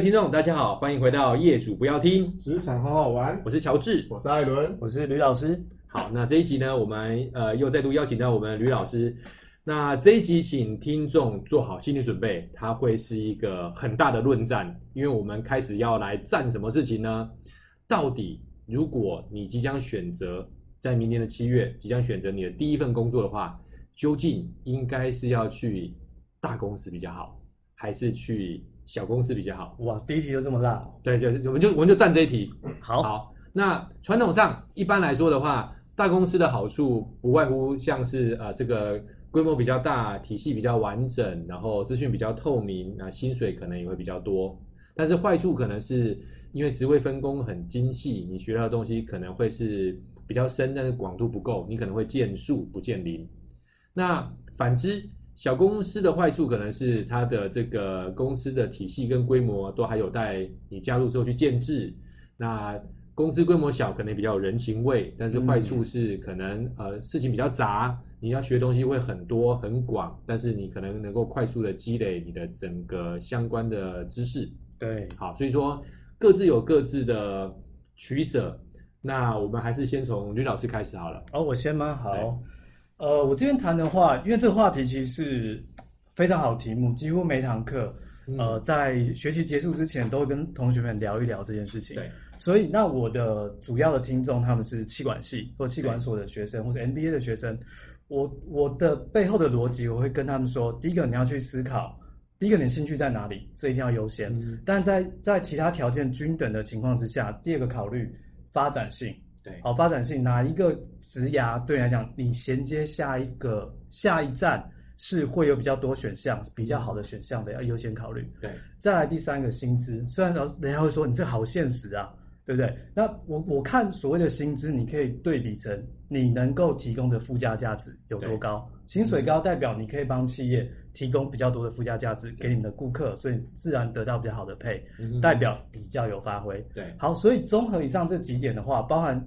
各位聽眾大家好，歡迎回到業主不要聽職場好好玩。我是喬治，我是艾倫，我是呂老師。好，那這一集呢，我們呃又再度邀請到我們呂老師。那這一集，請聽眾做好心理準備，它會是一個很大的論戰，因為我們開始要來戰什麼事情呢？到底如果你即將選擇在明年的七月，即將選擇你的第一份工作的話，究竟應該是要去大公司比較好，還是去？小公司比較好哇，第一題就這麼大。對，就我們就我們就佔這一題。嗯、好，好，那傳統上一般來說的話，大公司的好處不外乎像是啊、呃，這個規模比較大，體系比較完整，然後資訊比較透明，薪水可能也會比較多。但是壞處可能是因為職位分工很精細，你學到的東西可能會是比較深，但是廣度不夠，你可能會見樹不見林。那反之。小公司的壞處可能是它的這個公司的體系跟規模都還有待你加入之後去建制。那公司規模小，可能比較有人情味，但是壞處是可能、嗯、呃事情比較雜，你要學東西會很多很廣，但是你可能能夠快速的積累你的整個相關的知識。對，好，所以說各自有各自的取舍。那我們還是先從呂老師開始好了。哦，我先嗎？好。呃，我這邊談的話，因為這個話題其實是非常好的題目，幾乎每堂課、嗯，呃，在學期結束之前都會跟同學們聊一聊這件事情。對，所以那我的主要的聽眾，他們是企管系或企管所的學生，或者 MBA 的學生。我我的背後的邏輯，我會跟他們說：第一個你要去思考，第一個你的興趣在哪裡，這一定要優先、嗯。但在在其他條件均等的情況之下，第二個考慮發展性。好，發展性，哪一個職涯對來你來講，你銜接下一個下一站是會有比較多選項、比較好的選項的，要優先考慮。對，再來第三個薪資，雖然老人家會說你這好現實啊，對不對？那我我看所謂的薪資，你可以對比成你能夠提供的附加價值有多高，薪水高代表你可以幫企業提供比較多的附加價值給你們的顧客，所以自然得到比較好的配，代表比較有發揮。對，好，所以綜合以上這幾點的話，包含。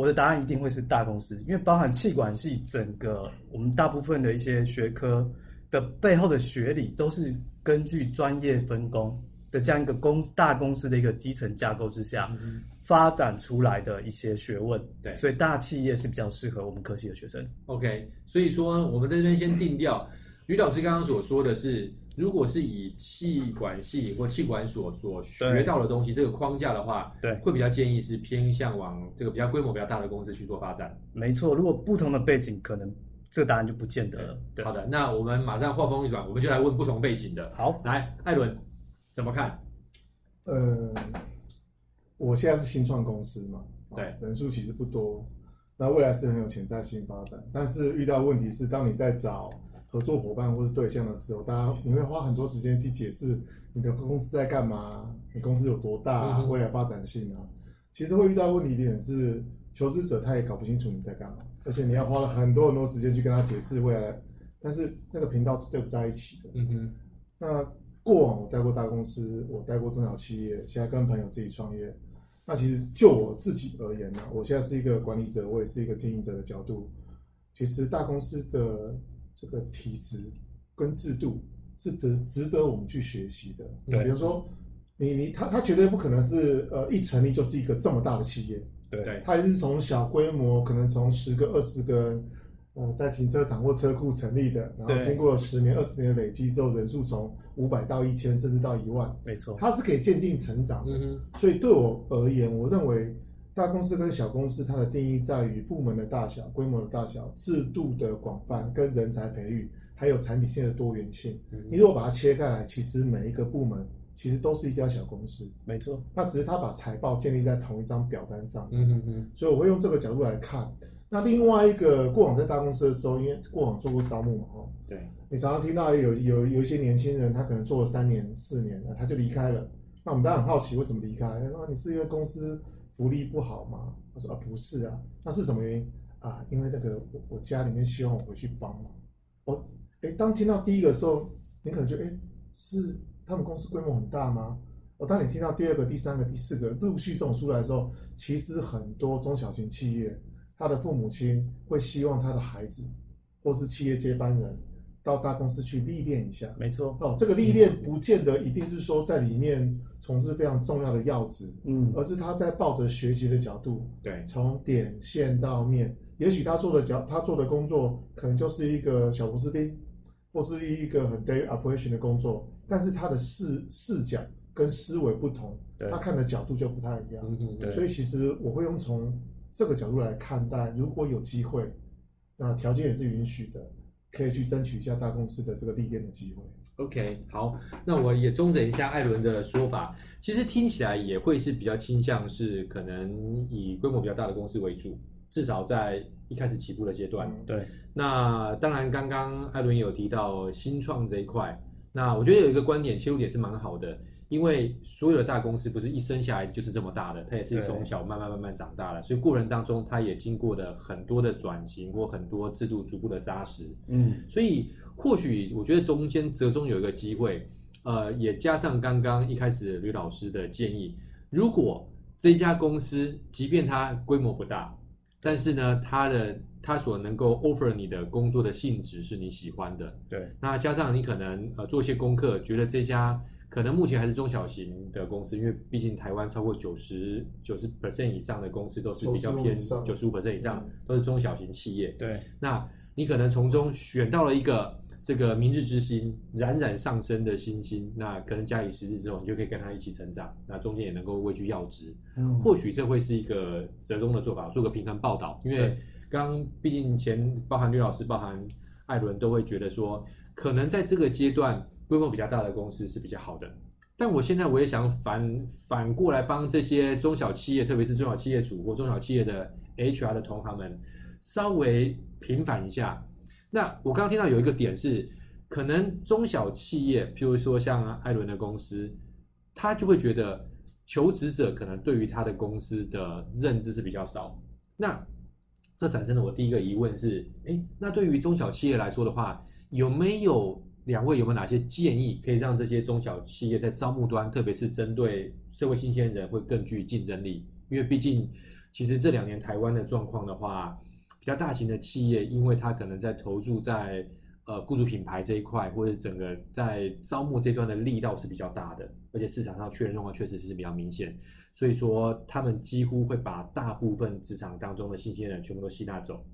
我的答案一定會是大公司，因為包含氣管系整個我們大部分的一些學科的背後的學理，都是根據專業分工的這樣一個公大公司的一個基層架構之下嗯嗯發展出來的一些學問。對，所以大企業是比較適合我們科系的學生。OK，所以說我們在這邊先定調，呂老師剛剛所說的是。如果是以企管系或企管所所學到的東西這個框架的話，對，會比較建議是偏向往這個比較規模比較大的公司去做發展。沒錯，如果不同的背景，可能這答案就不見得了。好的，那我們馬上話鋒一轉，我們就來問不同背景的。好，來，艾倫，怎麼看？呃，我現在是新創公司嘛，對，人數其實不多，那未來是很有潛在性發展，但是遇到問題是，當你在找。合作夥伴或是對象的時候，大家你會花很多時間去解釋你的公司在幹嘛，你公司有多大，未來發展性啊。嗯、其實會遇到問題點是，求職者他也搞不清楚你在幹嘛，而且你要花了很多很多時間去跟他解釋未來。但是那個頻道是對不在一起的。嗯嗯。那過往我待過大公司，我待過中小企業，現在跟朋友自己創業。那其實就我自己而言呢，我現在是一個管理者，我也是一個經營者的角度。其實大公司的這個體制跟制度是值值得我們去學習的。對，比如說你你他他絕對不可能是呃一成立就是一個這麼大的企業，對，他也是從小規模，可能從十個二十個呃在停車場或車庫成立的，然後經過十年二十年累積之後，人數從五百到一千，甚至到一萬，沒錯，它是可以漸進成長的。的、嗯哼。所以對我而言，我認為。大公司跟小公司，它的定義在於部門的大小、規模的大小、制度的廣泛、跟人才培育，還有產品線的多元性、嗯。你如果把它切開來，其實每一個部門其實都是一家小公司。沒錯，那只是他把財報建立在同一張表單上。嗯嗯嗯。所以我會用這個角度來看。那另外一個過往在大公司的時候，因為過往做過招募嘛，哦，對，你常常聽到有有有一些年輕人，他可能做了三年、四年了，他就離開了。那我們當然很好奇，為什麼離開？那、哎、你是因為公司？福利不好嗎？他說啊，不是啊，那是什麼原因啊？因為那個我我家裡面希望我回去幫忙。我、哦，哎，當聽到第一個的時候，你可能覺得，哎，是他們公司規模很大嗎？我、哦，當你聽到第二個、第三個、第四個陸續這種出來的時候，其實很多中小型企業，他的父母親會希望他的孩子或是企業接班人，到大公司去歷練一下，沒錯哦。這個歷練不見得一定是說在裡面從事非常重要的要職，嗯，而是他在抱着學習的角度，對、嗯，從點線到面，也許他做的角他做的工作可能就是一個小螺絲釘，或是一個很 day operation 的工作，但是他的視視角跟思維不同，對，他看的角度就不太一樣。嗯，所以其實我會用從這個角度來看待，如果有機會，那條件也是允許的。可以去爭取一下大公司的這個歷練的機會。OK，好，那我也統整一下艾倫的說法，其實聽起來也會是比較傾向是可能以規模比較大的公司為主，至少在一開始起步的階段。嗯、對，那當然剛剛艾倫有提到新創這一塊，那我覺得有一個觀點切入點是蠻好的。因為所有的大公司不是一生下來就是這麼大的，它也是從小慢慢慢慢長大的，所以過程當中，它也經過了很多的轉型，或很多制度逐步的扎實。嗯，所以或許我覺得中間折中有一個機會，呃，也加上剛剛一開始呂老師的建議，如果這家公司即便它規模不大，但是呢，它的它所能夠 offer 你的工作的性質是你喜歡的，對，那加上你可能呃做一些功課，覺得這家。可能目前還是中小型的公司，因為畢竟台灣超過九十九十 percent 以上的公司都是比較偏九十五 percent 以上都是中小型企業。對，那你可能從中選到了一個這個明日之星冉冉上升的新星，那可能假以時日之後，你就可以跟他一起成長，那中間也能夠位居要職。嗯，或許這會是一個折中的做法，做個平衡報道。因為剛，剛畢竟前包含呂老師、包含艾倫都會覺得說，可能在這個階段。規模比較大的公司是比較好的，但我現在我也想反反過來幫這些中小企業，特別是中小企業主或中小企業的 HR 的同行們稍微平反一下。那我剛剛聽到有一個點是，可能中小企業，譬如說像艾倫的公司，他就會覺得求職者可能對於他的公司的認知是比較少。那這產生了我第一個疑問是，誒、欸，那對於中小企業來說的話，有沒有？兩位有沒有哪些建議可以讓這些中小企業在招募端，特別是針對社會新鮮人，會更具競爭力？因為畢竟，其實這兩年台灣的狀況的話，比較大型的企業，因為它可能在投注在呃雇主品牌這一塊，或者整個在招募這段的力道是比較大的，而且市場上缺人狀況確實是比較明顯，所以說他們幾乎會把大部分職場當中的新鮮人全部都吸納走。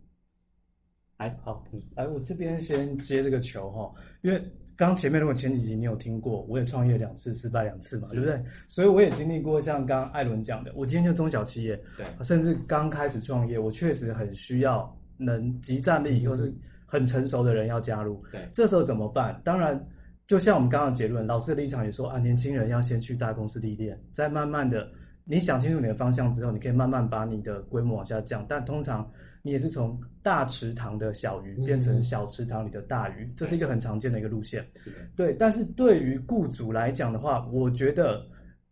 哎，好，嗯，來，我這邊先接這個球哈，因為剛前面如果前幾集你有聽過，我也創業兩次，失敗兩次嘛，對不對？所以我也經歷過像剛艾倫講的，我今天就中小企業，對，甚至剛開始創業，我確實很需要能即戰力又、嗯、是很成熟的人要加入，對，這時候怎麼辦？當然，就像我們剛剛的結論，老師的立場也說啊，年輕人要先去大公司歷練，再慢慢的你想清楚你的方向之後，你可以慢慢把你的規模往下降，但通常。你也是從大池塘的小魚變成小池塘裡的大魚，嗯、這是一個很常見的一個路線。對，但是對於僱主來講的話，我覺得。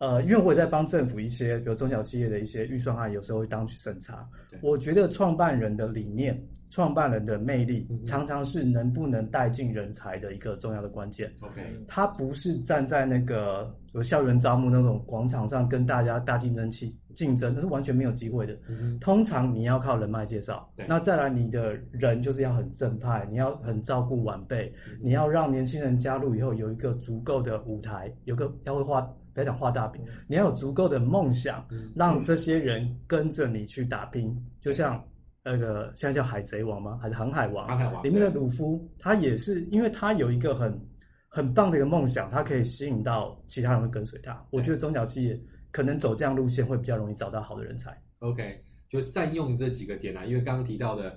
呃，因為我也在幫政府一些，比如中小企業的一些預算案，有時候會當去審查。我覺得創辦人的理念、創辦人的魅力、嗯，常常是能不能帶進人才的一個重要的關鍵。OK，、嗯、他不是站在那個，比如校園招募那種廣場上跟大家大競爭期競爭，那是完全沒有機會的、嗯。通常你要靠人脈介紹，那再來你的人就是要很正派，你要很照顧晚輩，嗯、你要讓年輕人加入以後有一個足夠的舞台，有個要會花。不要講畫大餅，你要有足夠的夢想，讓這些人跟着你去打拼。嗯嗯、就像那個現在叫海賊王嗎？還是航海王？航海王裡面的魯夫，他也是因為他有一個很很棒的一個夢想，他可以吸引到其他人跟隨他。我覺得中小企業可能走這樣路線會比較容易找到好的人才。OK，就善用這幾個點啊，因為剛剛提到的，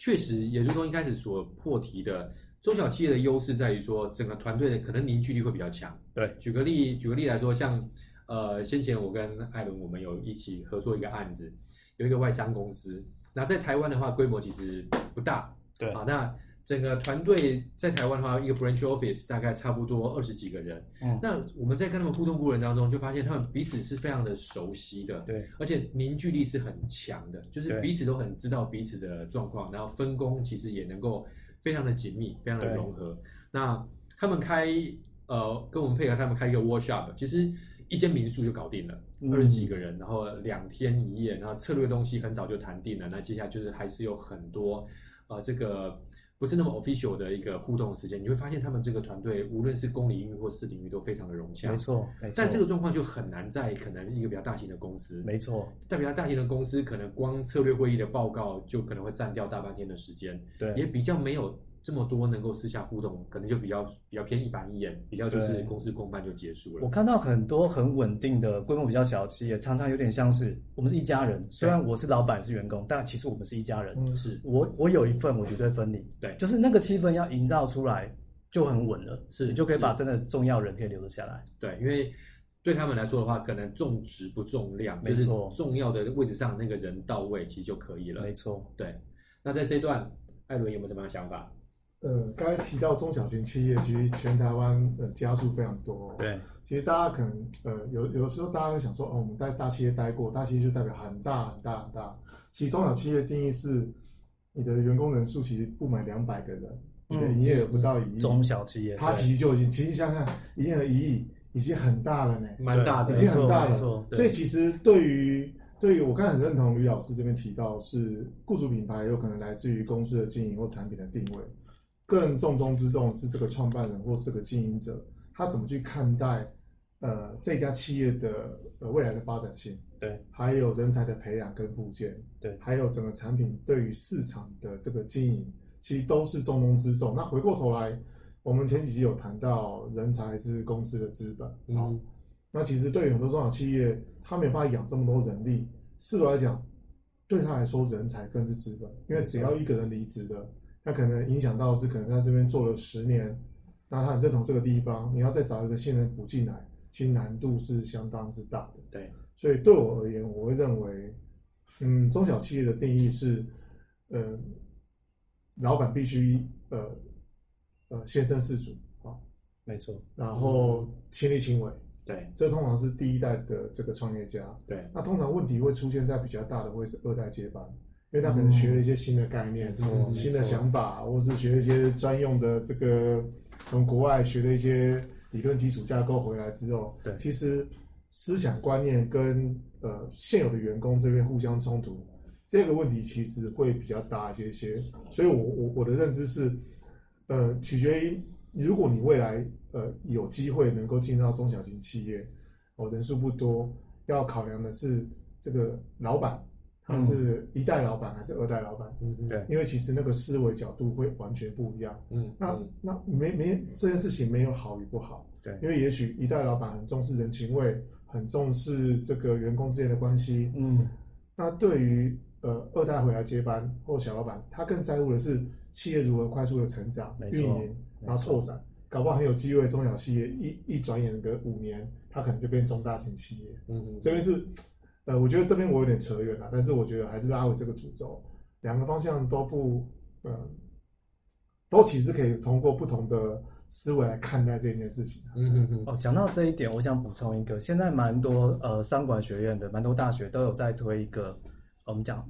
確實也就是說一開始所破題的。中小企業的優勢在於說，整個團隊的可能凝聚力會比較強。對，舉個例，舉個例來說，像呃，先前我跟艾倫，我們有一起合作一個案子，有一個外商公司。那在台灣的話，規模其實不大。對，好，啊，那整個團隊在台灣的話，一個 branch office 大概差不多二十幾個人。嗯，那我們在跟他們互動過程當中，就發現他們彼此是非常的熟悉的。對，而且凝聚力是很強的，就是彼此都很知道彼此的狀況，然後分工其實也能夠。非常的緊密，非常的融合。那他們開呃，跟我們配合，他們開一個 workshop，其實一間民宿就搞定了嗯嗯，二十幾個人，然後兩天一夜，然後策略東西很早就談定了。那接下來就是還是有很多，呃這個。不是那麼 official 的一個互動的時間，你會發現他們這個團隊，無論是公領域或私領域，都非常的融洽沒。沒錯，但這個狀況就很難在可能一個比較大型的公司。沒錯，但比較大型的公司，可能光策略會議的報告就可能會佔掉大半天的時間。對，也比較沒有。這麼多能夠私下互動，可能就比較比較偏一板一眼，比較就是公事公辦就結束了。我看到很多很穩定的規模比較小的企業，常常有點像是我們是一家人，嗯，雖然我是老闆是員工，但其實我們是一家人。嗯，是我我有一份我絕對分你。對，就是那個氣氛要營造出來就很穩了，是就可以把真的重要人可以留了下來。對，因為對他們來說的話，可能重質不重量，沒錯，重要的位置上那個人到位其實就可以了，沒錯。對，那在這段，艾倫有沒有什麼樣的想法？呃，剛才提到中小型企業，其實全台灣的家數，非常多。對，其實大家可能呃，有有時候大家會想說，哦，我們在大企業待過，大企業就代表很大很大很大。其實中小企業的定義是，你的員工人數其實不滿兩百個人，嗯、你的營業額不到一億、嗯，中小企業，它其實就已經其實你想想看營業額一億已經很大了呢，蠻大的，已經很大了。所以其實對於對於我剛才很認同呂老師這邊提到是，是僱主品牌有可能來自於公司的經營或產品的定位。更重中之重是這個創辦人或這個經營者，他怎麼去看待，呃這家企業的呃未來的發展性，對，還有人才的培養跟部件，對，還有整個產品對於市場的這個經營，其實都是重中之重。那回過頭來，我們前幾集有談到，人才是公司的資本，嗯、啊，那其實對於很多中小企業，他沒有辦法養這麼多人力，事實來講，對他來說，人才更是資本，因為只要一個人離職的，嗯嗯那可能影響到的是，可能在這邊做了十年，那他很認同這個地方，你要再找一個新人補進來，其實難度是相當之大的。對，所以對我而言，我會認為，嗯，中小企業的定義是，嗯，老闆必須呃呃，身、呃呃、先士卒啊，沒錯，然後親力親為，對，這通常是第一代的這個創業家，對，那通常問題會出現在比較大的，會是二代接班。因為他可能學了一些新的概念，這種、嗯、新的想法，嗯、或是學了一些專用的這個，從國外學了一些理論基礎架構回來之後，其實思想觀念跟呃現有的員工這邊互相衝突，這個問題其實會比較大一些些。所以我，我我我的認知是，呃，取決於如果你未來呃有機會能夠進到中小型企業，哦、呃，人數不多，要考量的是這個老闆。他是一代老板還是二代老板、嗯？對，因為其實那個思維角度會完全不一樣。嗯嗯、那那沒沒這件事情沒有好與不好。嗯、因為也許一代老板很重視人情味，很重視這個員工之間的關係。嗯、那對於呃二代回來接班或小老板，他更在乎的是企業如何快速的成長、沒錯、運營，然後拓展。搞不好很有機會，中小企業一一轉眼隔五年，他可能就變中大型企業。嗯，這邊是。呃，我覺得這邊我有點扯遠了、啊，但是我覺得還是拉回這個主軸，兩個方向都不，嗯、呃，都其實可以通過不同的思維來看待這件事情、啊。嗯嗯嗯。哦，講到這一點，我想補充一個，現在蠻多呃，商管學院的蠻多大學都有在推一個，我們講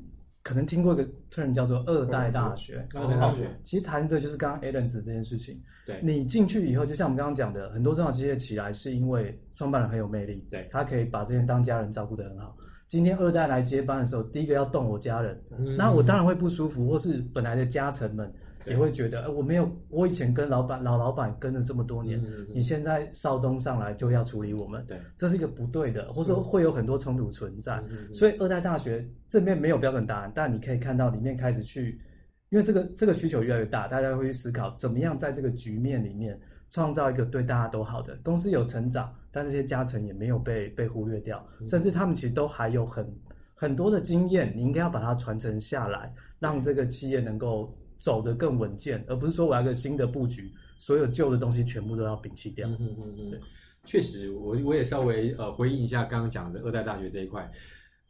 可能聽過一個 term 叫做二代大學。二代大學,二代大學其實談的就是剛剛 Allen 子這件事情。對。你進去以後，就像我們剛剛講的，很多中小企業起來是因為創辦人很有魅力，對，他可以把這些當家人照顧得很好。今天二代來接班的時候，第一個要動我家人，嗯，那我當然會不舒服，或是本來的家臣們也會覺得，哎，欸，我沒有，我以前跟老闆老老闆跟了這麼多年，嗯，你現在少東上來就要處理我們，這是一個不對的，或者說會有很多衝突存在。所以二代大學這邊沒有標準答案，但你可以看到裡面開始去，因為這個這個需求越來越大，大家會去思考怎麼樣在這個局面裡面創造一個對大家都好的公司有成長。但這些加成也沒有被被忽略掉，甚至他們其實都還有很很多的經驗，你應該要把它傳承下來，讓這個企業能夠走得更穩健，而不是說我要一個新的布局，所有舊的東西全部都要摒棄掉。嗯，哼嗯哼。對。確實，我我也稍微呃回應一下剛剛講的二代大學這一塊，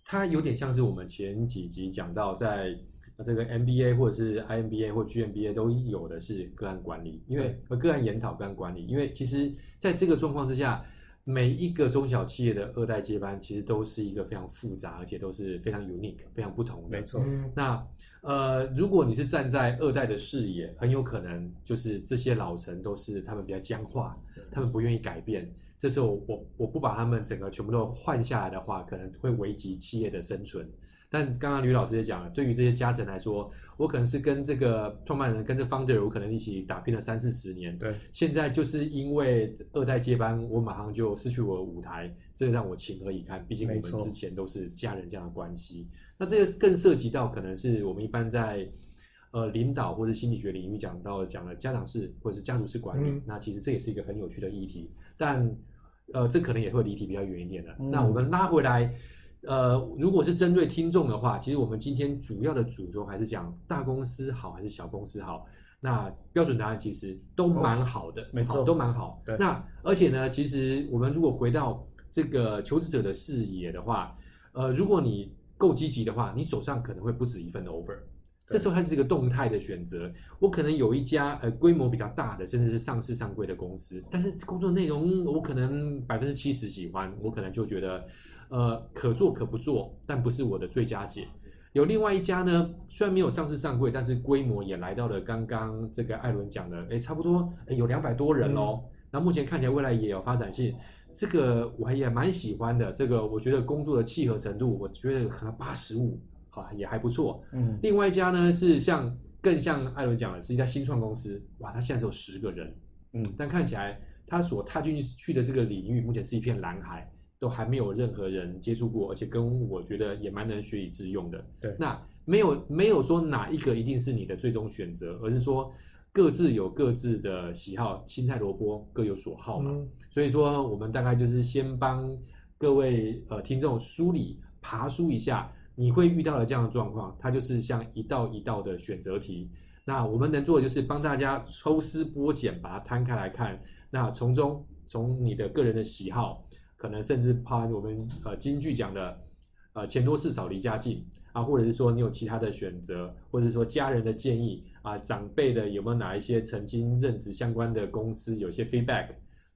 它有點像是我們前幾集講到在這個 MBA 或者是 IMBA 或 GMBA 都有的是個案管理，因為、嗯、個案研討、個案管理，因為其實在這個狀況之下。每一個中小企業的二代接班，其實都是一個非常複雜，而且都是非常 unique、非常不同的。沒錯。嗯、那呃，如果你是站在二代的視野，很有可能就是這些老臣都是他們比較僵化，嗯、他們不願意改變。這時候我，我我我不把他們整個全部都換下來的話，可能會危及企業的生存。但剛剛呂老師也講了，對於這些家臣來說，我可能是跟這個創辦人、跟這 founder，我可能一起打拼了三四十年。對，現在就是因為二代接班，我馬上就失去我的舞台，這讓我情何以堪？畢竟我們之前都是家人這樣的關係。那這個更涉及到可能是我們一般在呃領導或者心理學領域講到講了家長式或者是家族式管理、嗯，那其實這也是一個很有趣的議題。但呃，這可能也會離題比較遠一點的。嗯、那我們拉回來。呃，如果是針對聽眾的話，其實我們今天主要的主軸還是講大公司好還是小公司好。那標準答案其實都蠻好的，哦、沒錯，都蠻好。對。那而且呢，其實我們如果回到這個求職者的視野的話，呃，如果你夠積極的話，你手上可能會不止一份 offer。這時候它是一個動態的選擇。我可能有一家呃規模比較大的，甚至是上市上櫃的公司，但是工作內容我可能百分之七十喜歡，我可能就覺得。呃，可做可不做，但不是我的最佳解。有另外一家呢，雖然沒有上市上櫃，但是規模也來到了剛剛這個艾倫講的，哎，差不多有兩百多人哦。那、嗯、目前看起來未來也有發展性，這個我還也蠻喜歡的。這個我覺得工作的契合程度，我覺得可能八十五，好也還不錯、嗯。另外一家呢是像更像艾倫講的是一家新創公司，哇，它現在只有十個人，嗯，但看起來他所踏進去的這個領域目前是一片藍海。都還沒有任何人接觸過，而且跟我覺得也蠻能學以致用的。對，那沒有沒有說哪一個一定是你的最終選擇，而是說各自有各自的喜好，青菜蘿蔔各有所好嘛。嗯。所以說，我們大概就是先幫各位呃聽眾梳理、爬梳一下，你會遇到的這樣的狀況，它就是像一道一道的選擇題。那我們能做的就是幫大家抽絲剝繭，把它攤開來看，那從中從你的個人的喜好。可能甚至怕我們呃，金句講的，呃，錢多事少離家近啊，或者是說你有其他的選擇，或者是說家人的建議啊，長輩的有沒有哪一些曾經任職相關的公司有些 feedback，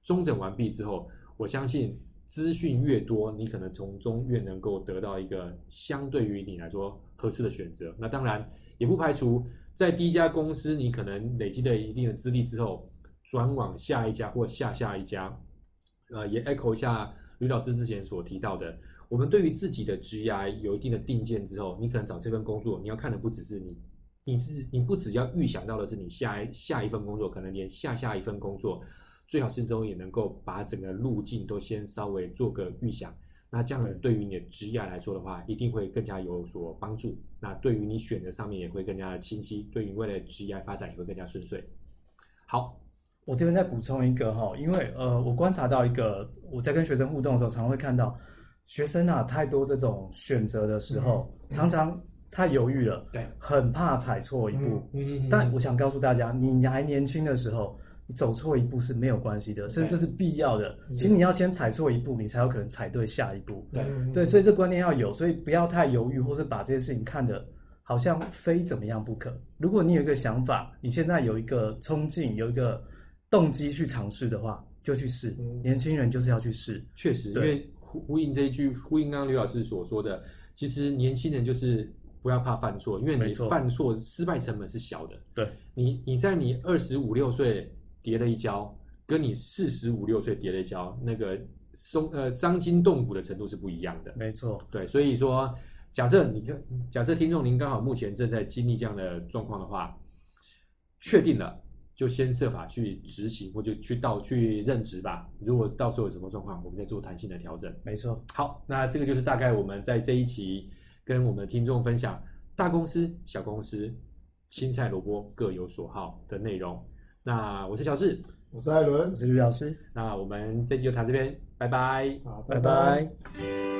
綜整完畢之後，我相信資訊越多，你可能從中越能夠得到一個相對於你來說合適的選擇。那當然也不排除在第一家公司你可能累積了一定的資歷之後，轉往下一家或下下一家，呃，也 echo 一下。呂老師之前所提到的，我們對於自己的職涯有一定的定見之後，你可能找這份工作，你要看的不只是你，你自你不只要預想到的是你下一下一份工作，可能連下下一份工作，最好是都也能夠把整個路徑都先稍微做個預想。那這樣的對於你的職涯來說的話，一定會更加有所幫助。那對於你選擇上面也會更加清晰，對於未來職涯發展也會更加順遂。好。我這邊再補充一個哈，因為呃，我觀察到一個，我在跟學生互動的時候，常會看到學生啊，太多這種選擇的時候，嗯嗯、常常太猶豫了，對，很怕踩錯一步。嗯嗯，嗯，嗯。但我想告訴大家，你還年輕的時候，你走錯一步是沒有關係的，甚至這是必要的。其實你要先踩錯一步，你才有可能踩對下一步。對對，所以這觀念要有，所以不要太猶豫，或是把這件事情看得好像非怎麼樣不可。如果你有一個想法，你現在有一個衝勁，有一個。動機去嘗試的話，就去試。年輕人就是要去試，嗯、確實，因為呼，呼應這一句，呼應剛剛呂老師所說的，其實年輕人就是不要怕犯錯，因為你犯錯，錯失敗成本是小的。對，你你在你二十五六歲跌了一跤，跟你四十五六歲跌了一跤，那個傷呃傷筋動骨的程度是不一樣的。沒錯，對，所以說，假設你就假設聽眾您剛好目前正在經歷這樣的狀況的話，確定了。就先設法去執行，或者去到去任職吧。如果到時候有什麼狀況，我們再做彈性的調整。沒錯。好，那這個就是大概我們在這一期跟我們聽眾分享大公司、小公司、青菜蘿蔔各有所好的內容。那我是小智，我是艾倫，我是呂老師。嗯。那我們這集就談這邊，拜拜。好，拜拜。拜拜。